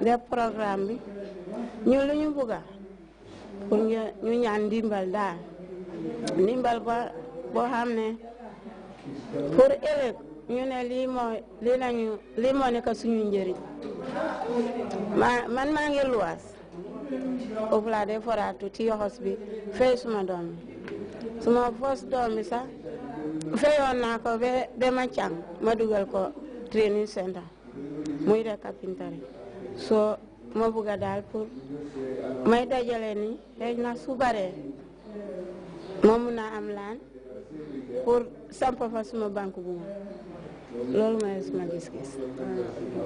def programme bi ñu lañu bëgga pour nga ñu ñaan ndimbal daal ndimbal ba boo xam ne pour élève ñu ne lii moo lii lañu lii moo nekk suñu njëriñ ma man maa ngi luwaas foofu laa de foraatu ci yoxos bi fay suma doom bi suma fos doom bi sax feyoon naa ko ba ba ma càng ma dugal ko training center muy de carpinterie soo ma bugga daal pour may dajale ni xëy na su baree ma mun a am laan pour samp fa suma banque bu loolu mooy suma gis-gis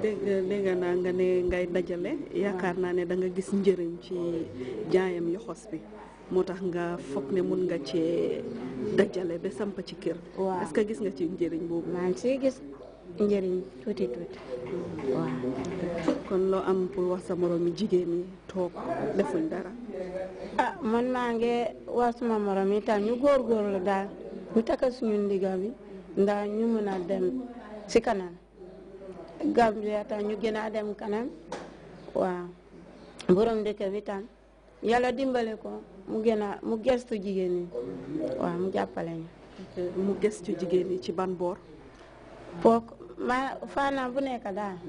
dégg dégg naa nga ne ngay dajale yaakaar naa ne danga gis njëriñ ci jaayam yoxos bi moo tax nga foog ne mun nga cee dajale ba sampa ci kër waaw est que gis nga ci njëriñ boobu maa ngi ciy gis njëriñ tuuti tuuti waaw kon loo am pour wax sa morom mi jigéen ñi toog defuñ dara ah man maa ngi wax suma moroom yi tam ñu góorgóorlu daal ñu takka suñu ndiga bi ndax ñu mën a dem si kanam Gambia tam ñu gën a dem kanam waaw borom dëkk bi tam yàlla dimbale ko mu gën mu gestu jigéen ñi waaw mu jàppale ñu mu gestu jigéen ñi ci ban boor pook ma faana bu nekk daal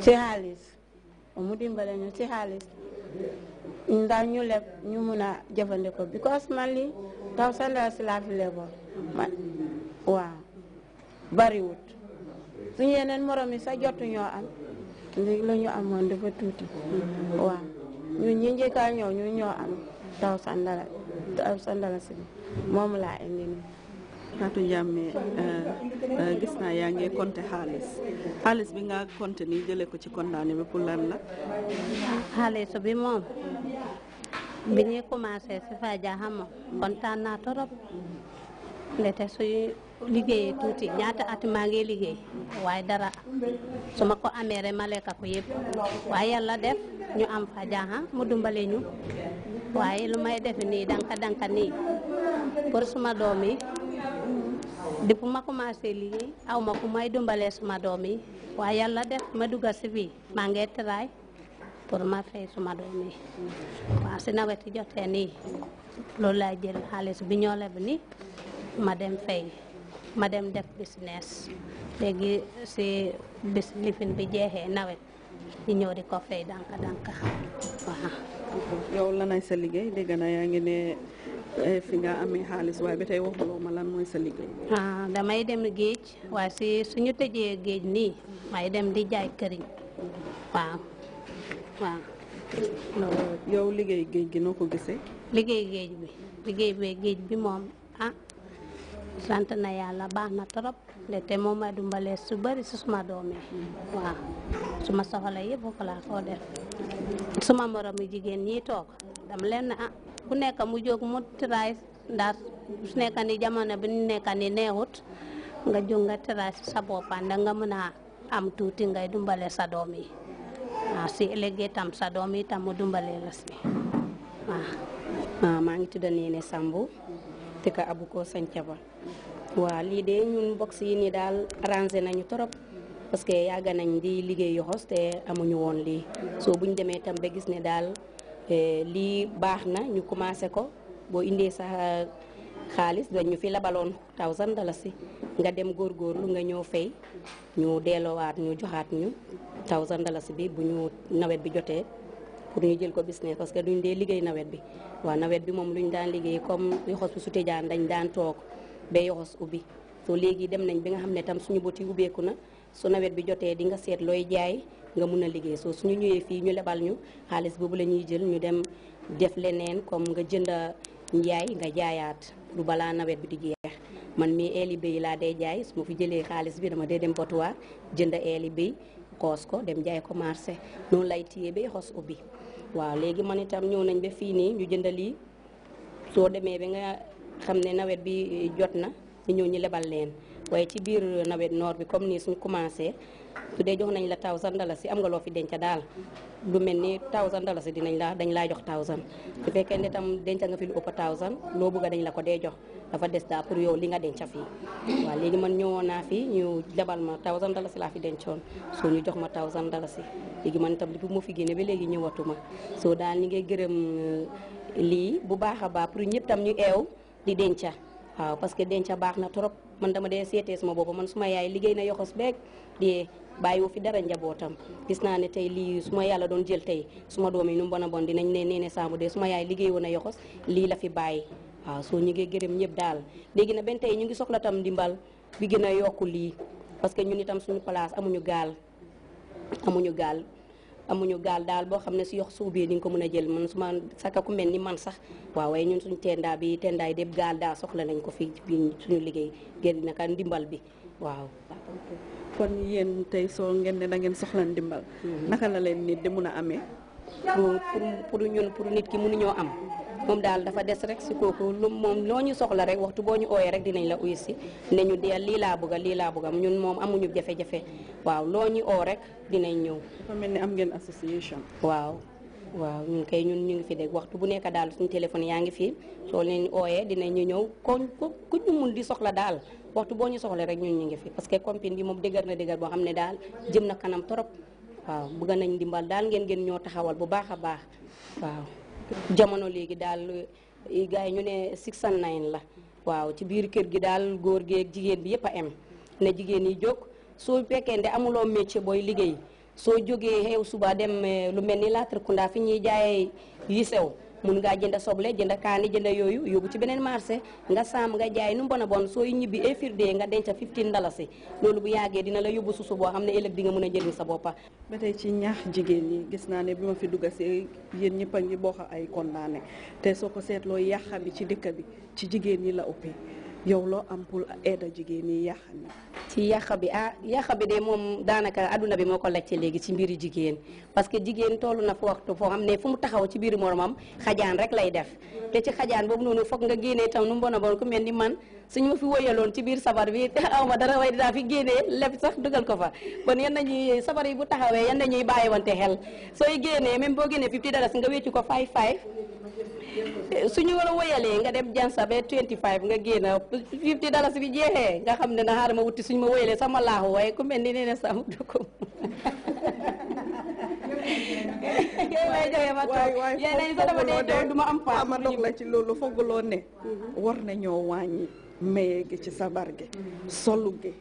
ci xaalis mu dimbale ñu ci xaalis ndax ñu leb ñu mun a jëfandikoo because man li taw sandal si laa fi leboon man bariwut suñu yeneen morom yi sax jotu ñoo am léegi la ñu amoon dafa tuuti waaw ñun ñi njëkkaa ñëw ñu ñoo am taw sandala taw sandala si moom laa indi nii Fatou Jammeh eh, eh, gis naa yaa ngi compté xaalis xaalis bi nga compté nii jëlee ko ci kondaane bi pour lan la. xaalis bi moom bi ñuy commencé si Fadia xam kontaan naa torop ndete suñu liggéeye tuuti ñaata at maa ngi liggéey waaye dara su ma ko amee rek ma lekk ko yëpp waaye yàlla def ñu am Fadia mu dimbale ñu waaye lu may def nii danka danka nii pour suma doom yi depuis ma commencé li aw ko may dumbalee suma domi wa yalla def ma duga ci bi ma ngi travail pour ma fay suma domi wa ci si nawet yi jotee nii jël xaliss bi ñolé bi ni ma dem fay ma dem def business légui si bis lifin bi jeexee nawet ñu ñëw di ko fay danka danka wa yow lanay sa liggéey dégg na ya ngi né Eh, fi nga amee xaalis waaye ba tey waxuloo ma lan mooy sa liggéey. Ah, damay dem géej waaye si suñu tëjee géej nii may dem di jaay këriñ waaw waaw. Eh, yow liggéey géej gi noo ko gisee. liggéey géej bi liggéey bee géej bi moom ah sant na yàlla baax na trop te moom a dimbale su bari si suma doom yi waaw suma soxla yëpp foofu laa ko def suma moromu jigéen ñi toog dam leen ah. ku nekk mu jog mu tray ndar su nekk ni jamono bi ni nekk ni neewut nga jog nga tray sa boppam da nga mëna am tuti ngay dumbalé sa ah, si tam sa doom tam mu dumbalé la si waaw. Ah, ah, ma ngi tudd Néné Sambu te ka abu ko ba wa li de ñun box yi ni dal arrangé nañu torop parce que yaga nañ di liggéey yu hosté amuñu won li so buñ démé tam ba gis ne dal Eh, lii baax na ñu commencé ko boo indee sa xaalis dañu fi labaloon thousand dalasi nga dem góor góor lu nga ñëw fay ñu delloowaat ñu joxaat ñu thousand dalasi bi bu ñu nawet bi jotee pour ñu jël ko business parce que duñ dee liggéey nawet bi waaw nawet bi moom lu ñu daan liggéey comme yoxos bi su tëjaan dañ daan toog ba yoxos ubbi soo léegi dem nañ bi nga xam ne tam suñu boti ubbeeku na su nawet bi jotee di nga seet looy jaay nga mun a liggéey soo suñu ñëwee fii ñu lebal ñu xaalis boobu la jël ñu dem def leneen comme nga jënd njaay nga jaayaat lu balaa nawet bi di jeex man mii eeli béy laa day jaay su ma fi jëlee xaalis bi dama dee dem botuwaar jënd eeli béy koos ko dem jaay ko marché noonu lay téye bay xos ubbi waaw léegi man itam ñëw nañ ba fii nii ñu jënd lii soo demee ba nga xam ne nawet bi jot na ñu ñëw ñu lebal leen waaye ci biir nawet noor bi comme nii suñ commencé su dee jox nañ la thousand dalasi am nga loo fi denc daal lu mel ni thousand dalasi dinañ la dañ laa jox thousand su fekkee ne tam denc nga fi lu ëpp thousand loo bëgg dañ la ko dee jox dafa des daa pour yow li nga denc fii léegi man ñëwoon naa fi ñu lebal ma thousand laa fi dencoon soo ñu jox ma thousand dalasi léegi man itam depuis mu fi génne ba léegi ñëwatuma soo daal ñu ngi gërëm lii bu baax a baax pour ñëpp tam ñu eew di denca waaw parce que denca baax na trop man dama dee seetee sama boppa man suma yaay liggéey na yoxos beeg dee bàyyiwu fi dara njabootam gis naa ne tey lii suma yàlla doon jël tey suma doom yi nu mu bon a bon dinañ ne nee ne saamu dee suma yaay liggéey woon na yoxos lii la fi bàyyi waaw soo ñu ngi gërëm ñëpp daal léegi na benn tey ñu ngi soxla tam ndimbal bi gën a yokku lii parce que ñun itam suñu place amuñu gaal amuñu gaal amuñu gaal daal boo xam ne si yox suubee di nga ko mën a jël man su man saka ku ni man sax waaw waaye ñun suñu tendaa bi tendaay dem gaal daal soxla nañ ko fii suñu liggéey génn naka ndimbal bi waaw kon yéen tey soo ngeen ne da ngeen soxla ndimbal mhm. naka la leen nit di mun a amee pour pour ñun pour nit ki mënuñoo am moom daal dafa des rek si kooku moom loo ñu soxla rek waxtu boo ñu ooyee rek dinañ la uyu si ne ñu dee lii laa bëgg lii laa bëgg ñun moom amuñu jafe-jafe waaw loo ñu oo rek dinañ ñëw. dafa mel ni am ngeen association. waaw waaw ñun kay ñun ñu ngi fi dégg waxtu bu nekk daal suñu téléphone yaa ngi fi soo leen ooyee dinañ ñu ñëw ko ku ñu mun di soxla daal waxtu boo ñu soxla rek ñun ñu ngi fi parce que compagnie bi moom dëgër na dëgër boo xam ne daal jëm na kanam torop waaw bëgg nañ dimbal daal ngeen ngeen ñoo taxawal bu baax a baax waaw jamono léegi daal eh, gaay ñu ne 609 la waaw ci biir kër gi daal góor géeg jigéen bi yëpp a em ne jigéen yi jóg soo fekkeende amuloo métier booy liggéey soo jógee xew suba dem eh, lu mel ni latre kunda fi ñuy jaayee yi sew mun ngaa jënd soble jënd kaani jënd yooyu yóbbu ci beneen marché nga saam nga jaay nu mu bon a bon sooy ñibbi infirde nga denca ndala dalasi loolu bu yàggee dina la yóbbu susu boo xam ne ëllëg di nga mën a jëriñ sa boppa ba tey ci ñaax jigéen ñi gis naa ne bi ma fi dugga see yéen ñëpp a ngi bokk ay kondaane te soo ko seetloo yàqa bi ci dëkk bi ci jigéen ñi la ëppee yow loo am pour aide jigéen ñi yàqa mi ci yàq bi ah yàq bi de moom daanaka adduna bi moo ko lajce léegi ci mbiri jigéen parce que jigéen toll na fu waxtu foo xam ne fu mu taxaw ci biir moromam xajaan rek lay def ci xajaan boobu noonu foog nga génnee tam nu mu bon a bon ku mel ni man suñu ma fi woyaloon ci biir sabar bi aw dara way daa fi génnee lépp sax dugal ko fa kon yan nañuy sabar yi bu taxawee yan nañuy bàyyiwante xel sooy génnee même boo génnee fifty dara si nga wéccu ko five five suñu war a woyalee nga dem jansa ba 25 nga génn 50 dollars bi jeexee nga xam ne na xaaral ma wuti suñu ma woyalee sama laaxu waaye ku mel ni nee na sama dugub. waaw ma dox la ci loolu fooguloo ne mm-hmm. war nañoo wàññi maye gi ci sabar gi mm-hmm. solu gi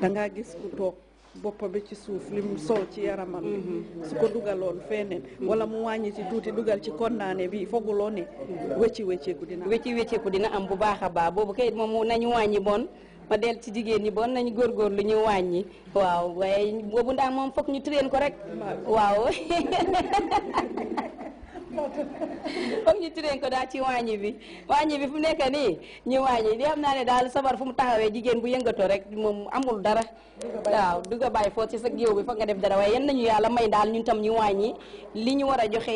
dangaa gis ku toog boppa bi ci suuf lim soow ci yaramam bi mhm. su ko dugaloon feneen wala mu wàññi ci tuuti dugal ci kondaane bi fooguloo ne wecci wecceeku dina wecci wecceeku dina am bu baax a baax boobu kay moom nañu wàññi bon ma del ci jigéen ñi bon nañu góor góor lu ñuy wàññi waaw waaye boobu ndax moom foog ñu train ko rek waaw ko ci bi bi fu ñu li ne sabar fu mu bu rek amul dara waaw ci sa géew bi nga def dara nañu yàlla may ñun tam ñu li ñu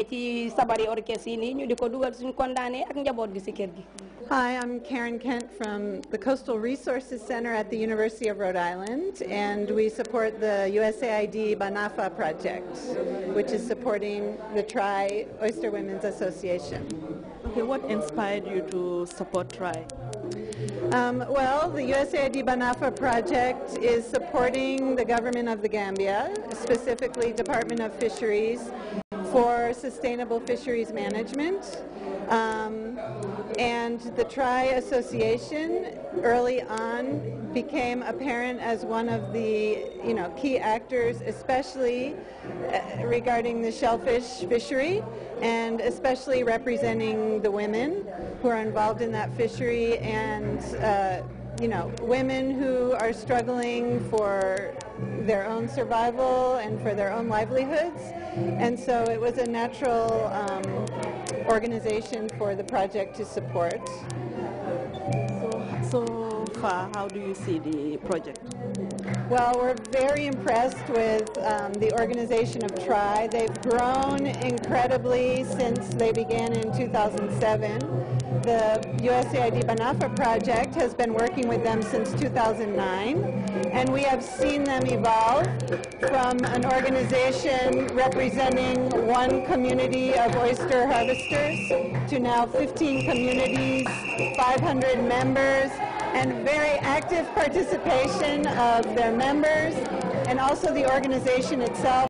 ci orchestre ñu suñu ak gi kër gi Hi, I'm Karen Kent from the Coastal Resources Center at the University of Rhode Island, and we support the USAID Banafa project, which is supporting the Tri Oyster Women's Association. Okay, what inspired you to support TRI? Um, well, the USAID Banafa project is supporting the government of the Gambia, specifically Department of Fisheries, for sustainable fisheries management. Um, and the Tri Association early on became apparent as one of the you know key actors, especially uh, regarding the shellfish fishery, and especially representing the women who are involved in that fishery and uh, you know, women who are struggling for their own survival and for their own livelihoods. And so it was a natural um, organization for the project to support. So, so far, how do you see the project? Well, we're very impressed with um, the organization of TRI. They've grown incredibly since they began in 2007 the USAID Banafa project has been working with them since 2009, and we have seen them evolve from an organization representing one community of oyster harvesters to now 15 communities, 500 members, and very active participation of their members, and also the organization itself.